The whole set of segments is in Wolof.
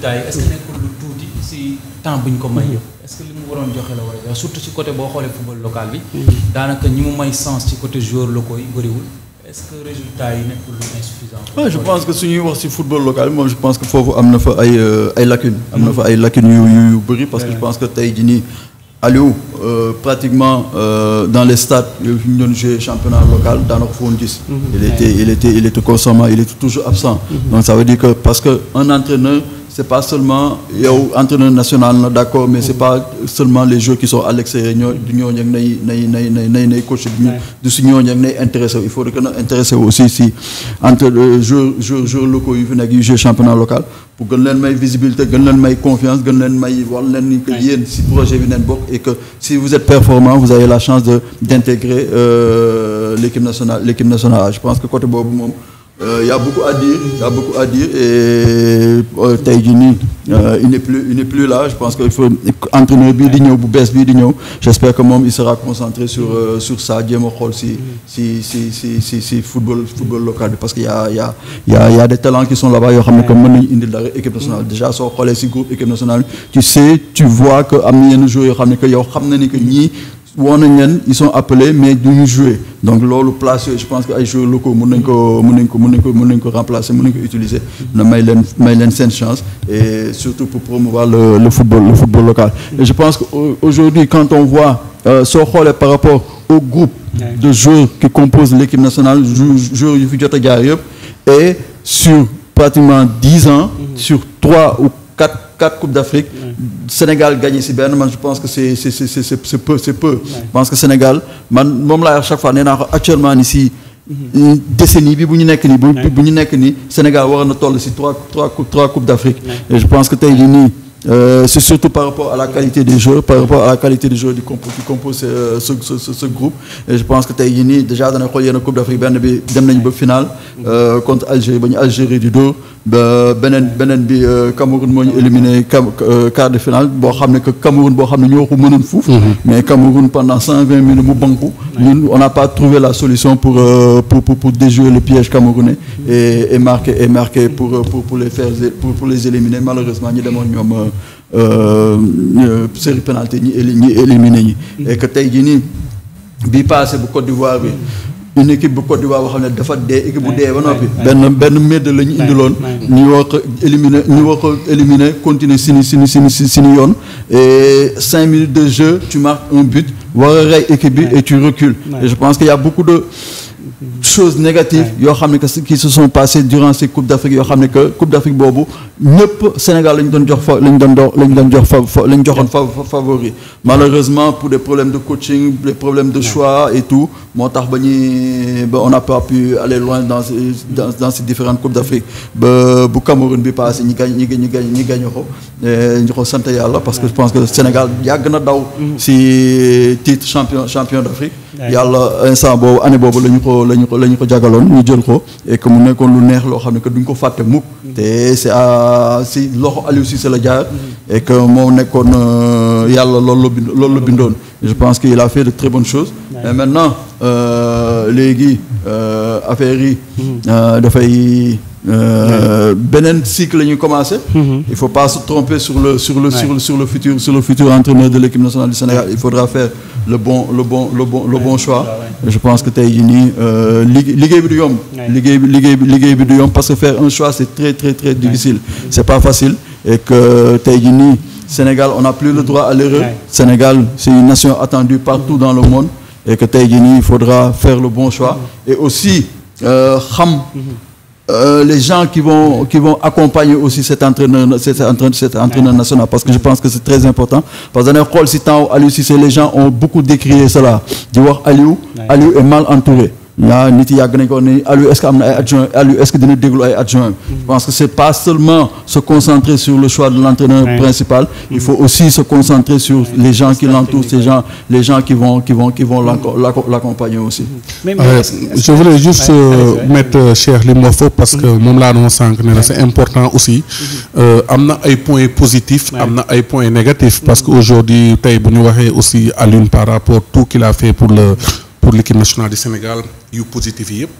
résultat yi est ce que nekkul lu tuuti si temps bu ñu ko may. Mm-hmm. est ce que li mu waroon joxe la war a jox surtout si côté boo xoolee football local bi. Mm-hmm. daanaka ñi mu may sens ci côté joueur locaux yi bëriwul. est ce que résultat yi nekkul lu insuffisant. waaw je pense que su ñuy wax si football local bi moom je pense que foofu am na fa ay euh, ay lacunes. Mm-hmm. am na fa ay lacunes yu yu yu bëri parce que je pense que tey jii nii. Aliou euh, pratiquement euh, dans les stades yooyu fi ñu doon joué championnat local daanaka foo gis. il était il était il était constamment il était toujours absent. donc ça veut dire que parce que un entraîneur. c'est pas seulement yow entraîneur national na d'accord mais c'est pas seulement les joueurs qui sont à l'extérieur ñoo du ñooñu ak nay y nay nay nay nay coach du du si ñooñu ak nay intéressé il faut que na intéressé aussi si entre euh, joueurs joueurs locaux yu fi nekk yu jouer local pour gën leen may visibilité gën leen may confiance gën leen may war leen si projet bi neen bokk et que si vous êtes performant vous avez la chance de d'intégrer euh, l'équipe nationale je pense que côté boobu moom Euh, y a beaucoup à dire y a beaucoup à dire et euh, tey jii nii euh, il n'est plus il n'est plus là je pense que il faut entraîneur bii di ñëw bu bees bii di ñëw j'espère que moom il sera concentré sur euh, sur ça jéem a xool si si si si si si football football local bi parce que y a y a y a y a des talents qui sont là-bas yoo xam ne que mën nañu indil dara équipe nationale déjà soo xoolee si groupe équipe nationale tu sais tu vois que am na yenn joueurs yoo xam ne que yow xam na ni que ñii woo nañ leen ils sont appelés mais duñu jouer donc loolu place je pense que ay joueurs locaux mun nañ ko mun nañ ko mun nañ ko mun nañ ko remplacer mun nañ ko utiliser na may leen may leen seen chance et surtout pour promouvoir le le football local et je pense que aujourd'hui quand on voit euh, soo xoolee par rapport au groupe de joueurs qui composent l'équipe nationale joueurs yu fi jot a jaar yëpp et sur pratiquement dix ans mhm. sur trois ou quatre quatre coupes d'Afrique Sénégal gagné si benn man je pense que c'est c'est peu c'est que Sénégal man moom laa wax chaque fois nee naa ko actuellement ni si mhm. euh, décennie bi bu ñu nekk nii bu bu ñu nekk ni Sénégal war na toll si trois trois trois coupes d'Afrique et je pense que tey jii Euh, c'est surtout par rapport à la qualité des jeux par rapport à la qualité des jeux du compo qui compose euh, ce, ce, et je pense que tey jii nii déjà dana xool yenn Coupe d'Afrique benn bi dem nañu ba finale euh, contre Algérie ba ñu Algérie du dos ba bi euh, Cameroun moo ñu éliminé euh, quart de finale boo xam ne que Cameroun boo xam ne ñoo ko mënoon fuuf mhm. mais Cameroun pendant cent mu banku on n'a pas trouvé la solution pour pour pour, pour déjouer le piège camerounais et, marquer pour pour pour les faire pour, pour les éliminer ñu demoon ñoom Euh, euh, série pénalité ñi ñi éliminé ñi et tey jii nii bii passé bu Côte d'Ivoire bi une équipe bu Côte d'Ivoire boo xam ne dafa dee équipe bu dee ba noppi benn benn médd la ñu indiloon ñu war ko éliminer ñu war ko si continuer sini sini sini sini yoon et cinq minutes de jeu tu marques un but war a rey équipe bi et tu recules je pense qu'il y a beaucoup choses négatives yoo xam ne que qui se sont passées durant ces coupes d'Afrique yoo xam ne que coupe d'Afrique boobu ñëpp Sénégal la ñu doon jox fa la ñu doon dox la ñu doon jox fa la ñu joxoon favori malheureusement pour des problèmes de coaching des problèmes de choix et tout moo tax ba ñuy ba on n'a pas pu aller loin dans dans dans ces différentes coupes d'Afrique ba bu Cameroun bi passé ñi gañ ñi ñi gañ ñi gañ ko eh, ñu ko sant yàlla parce que je pense que Sénégal yàgg na daw mm-hmm. si titre champion champion d'Afrique yàlla instant boobu année boobu la ñu ko la ñu ko la ñu ko jagaloon ñu jël ko et que mu nekkoon lu neex loo xam ne que duñ ko fàtte mukk mm-hmm. te c'est à si loxo Aliou Cissé la jaar mm-hmm. et que moo nekkoon euh, yàlla loolu la bind loolu la bindoon je pense qu'il a fait de très bonnes choses mais maintenant euh, léegi euh, affaire yi mm-hmm. dafay beneen la ñuy commencé. il faut pas tromper sur le sur le sur sur le futur sur de l'équipe nationale du Sénégal il faudra faire le bon le bon le bon le bon choix je pense que tey jii nii euh, liggéey bi du yomb liggéey bi liggéey bi liggéey bi du yomb parce que faire un choix c'est très très très difficile c'est pas facile et que tey jii nii Sénégal on n'a plus le droit à l'erreur Sénégal c'est une nation attendue partout dans le monde et que tey jii nii il faudra faire le bon choix et aussi euh, xam euh, euh, les gens qui vont qui vont accompagner aussi cet entraîneur cet entraîneur, cet entraîneur national parce que je pense que c'est très important parce que dañuy xool si temps Aliou Cissé les gens ont beaucoup décrié cela di wax Aliou Aliou est mal entouré ñaa nit yi yàgg nañ ko ne Aliou est-ce que am na mm-hmm. c'est pas seulement se concentrer sur le choix de l'entraîneur principal il faut mm-hmm. aussi se concentrer sur les gens qui l'entourent ces gens les gens qui vont qui vont qui mm-hmm. l'accompagner aussi euh, je voulais juste euh, mettre euh, Cheikh li parce que moom laa doon sànq ne c'est important aussi am na ay points positifs am na ay points négatifs parce que aujourd'hui tey bu ñu waxee aussi Aliou par rapport tout qu'il a fait pour le pour l'équipe nationale du Sénégal yu positif yi yëpp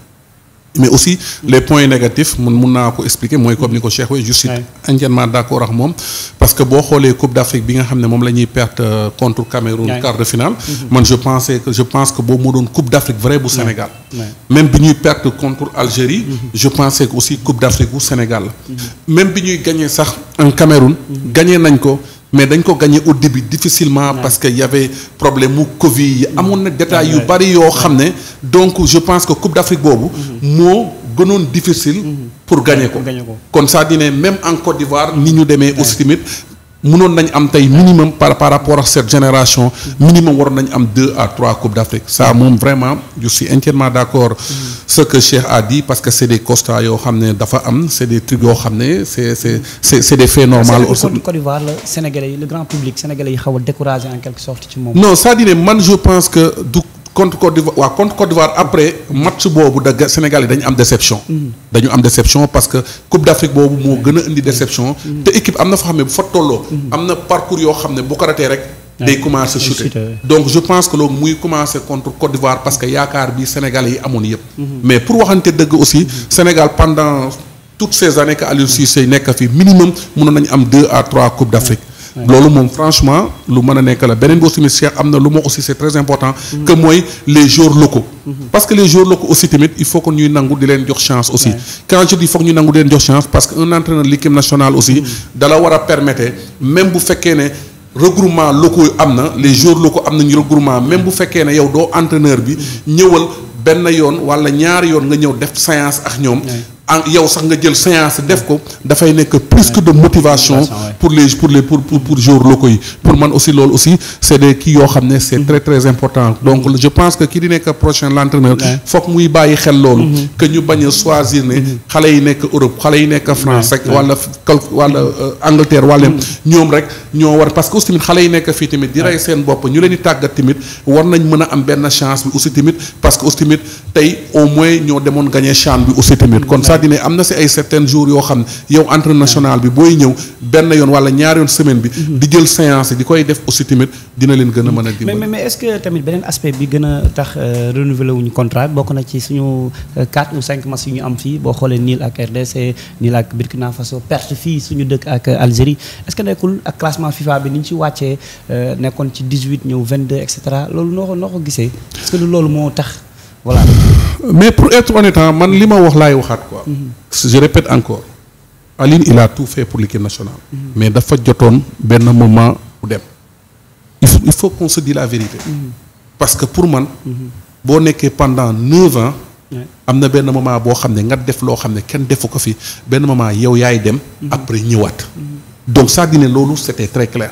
mais aussi les points négatifs mun mun naa ko expliquer mooy comme ni ko Cheikh waxee je suis d'accord ak moom parce que boo xoolee Coupe d'Afrique bi nga xam ne moom la perte euh, contre Cameroun quart de finale mm-hmm. man je pense que boobu moo doon Coupe d'Afrique vrai bu Sénégal même bi ñuy perte contre Algérie mm-hmm. je pensais que aussi Coupe d'Afrique bu Sénégal la mm-hmm. bi ñuy gagner sax en Cameroun gagner nañ ko mais dañ ko gañee au début difficilement parce que y avait problème mu Covid yi amoon na détails yu bari yoo xam ne donc je pense que Coupe d'Afrique boobu mhm. moo gënoon difficile mhm. pour gagner ko kon ça dine même en Côte d'Ivoire ni ñu demee aussi mënoon nañ am tey minimum par par rapport ak cette génération minimum waroon nañ am deux à trois coupes d'Afrique ça mm-hmm. moom vraiment je suis d'accord mm-hmm. ce que Cheikh a dit parce que c'est des constats yoo xam ne dafa am c'est des trucs yoo xam ne c'est des faits normaux aussi Côte d'Ivoire la Sénégalais yi le a découragé en quelque sorte ci moom contre Côte d'Ivoire waaw contre Côte d'Ivoire après match boobu da Sénégal yi dañu am déception. Mm. dañu am déception parce que Coupe d'Afrique boobu moo mm. gën a indi déception. Mm. te équipe am na fa xam ne bu fa tolloo. am na parcours yoo xam ne bu ko ratee rek. Ah, day commencé chuter donc je pense que loolu muy commencé contre Côte d'Ivoire parce que yaakaar bi Sénégal yi amoon yëpp. Mm-hmm. mais pour waxante dëgg aussi mm-hmm. Sénégal pendant toutes ces années que Aliou Cissé nekk fi minimum mënoon am deux à trois Coupe d'Afrique. loolu moom franchement lu mën a nekk la beneen boo tamit Cheikh am na lu ma aussi c'est très important que mooy les joueurs locaux parce que les joueurs locaux aussi tamit il faut que ñuy nangu di leen jox chance aussi quand je dis il faut que ñu nangu di leen jox chance parce que un entraîneur l'équipe nationale aussi dala war a permettre même bu fekkee ne regroupement locaux yu am na les joueurs locaux am nañu regroupement même bu fekkee ne yow doo entraîneur bi ñëwal benn yoon wala ñaari yoon nga ñëw def séance ak ñoom yow sax nga jël séance def ko dafay nekk plus que de motivation pour les pour les pour pour jour locaux yi pour man aussi loolu aussi c' est des kii yoo xam ne c' est très très important donc je pense que ki di nekk prochain l' entraîneur foog muy bàyyi xel loolu mm-hmm. que ñu bañ a choisir ne mm-hmm. xale yi nekk Europe xale yi nekk France rek wala wala Angleterre wala mm-hmm. ñoom rek ñoo war parce que aussi tamit xale yi nekk fii tamit di rey seen bopp ñu leen tàggat tamit war nañ am benn chance bi aussi tamit parce que aussi tamit ñoo demoon gagné chan bi aussi dine am na si ay certains jours yoo xam ne yow international bi booy ñëw benn yoon wala ñaar yoon semaine bi mhm. di jël séance di koy def aussi tamit dina leen gën a mën a dimbali mais est-ce que tamit beneen aspect bi gën a tax euh, renouveler wuñu contrat bokk na ci suñu euh, quatre ou cinq matchs yu ñu am fii boo xoolee niil ak RDC niil ak Burkina Faso perte fii suñu dëkk ak Algérie est-ce que nekkul ak classement FIFA bi ni ñu ci wàccee euh, nekkoon ci dix-huit ñëw vingt-deux et cetera loolu noo ko noo ko gisee loolu moo tax voilà mais pour être honnête man li ma wax laay waxaat quoi. je répète encore Aline il a tout fait pour l'équipe nationale. mais dafa jotoon benn moment bu dem. il faut il la vérité. parce que pour man. boo nekkee pendant neuf ans. am na benn moment boo xam ne nga def loo xam ne kenn defu ko fi benn moment yow yaay dem. après ñëwaat. donc ça dina loolu c'était très clair.